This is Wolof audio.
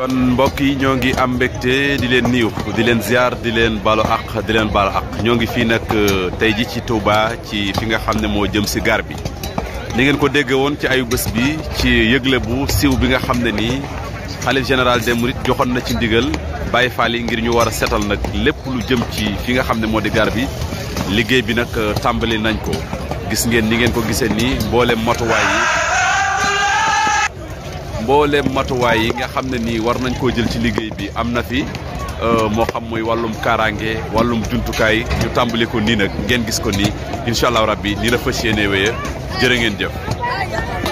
kon mbokk yi ñoo ngi am mbégte di leen nuyu di leen ziar di leen balo ak di leen balo ak ñoo ngi fii nag euh, tey ji ci Touba ci fi nga xam ne moo jëm si gaar bi ni ngeen ko dégge woon ci ayu bés bi ci yëgle bu siiw bi nga xam ne nii xalif général des Mourides joxoon na ci ndigal Baye Fall ngir ñu war a seetal nag lépp lu jëm ci fi nga xam ne moo di gaar bi liggéey bi nag euh, tàmbali nañ ko gis ngeen ni ngeen ko gisee nii mboolem matuwaay yi mbooleem matuwaay yi nga xam ne nii war nañ koo jël ci liggéey bi am na fi euh, moo xam muy wàllum kaaraange wàllum jumtukaay ñu tàmbali ko nii nag ngeen gis ko nii incha allah rabbi nii la fas yéene wéye jërë ngeen jëf.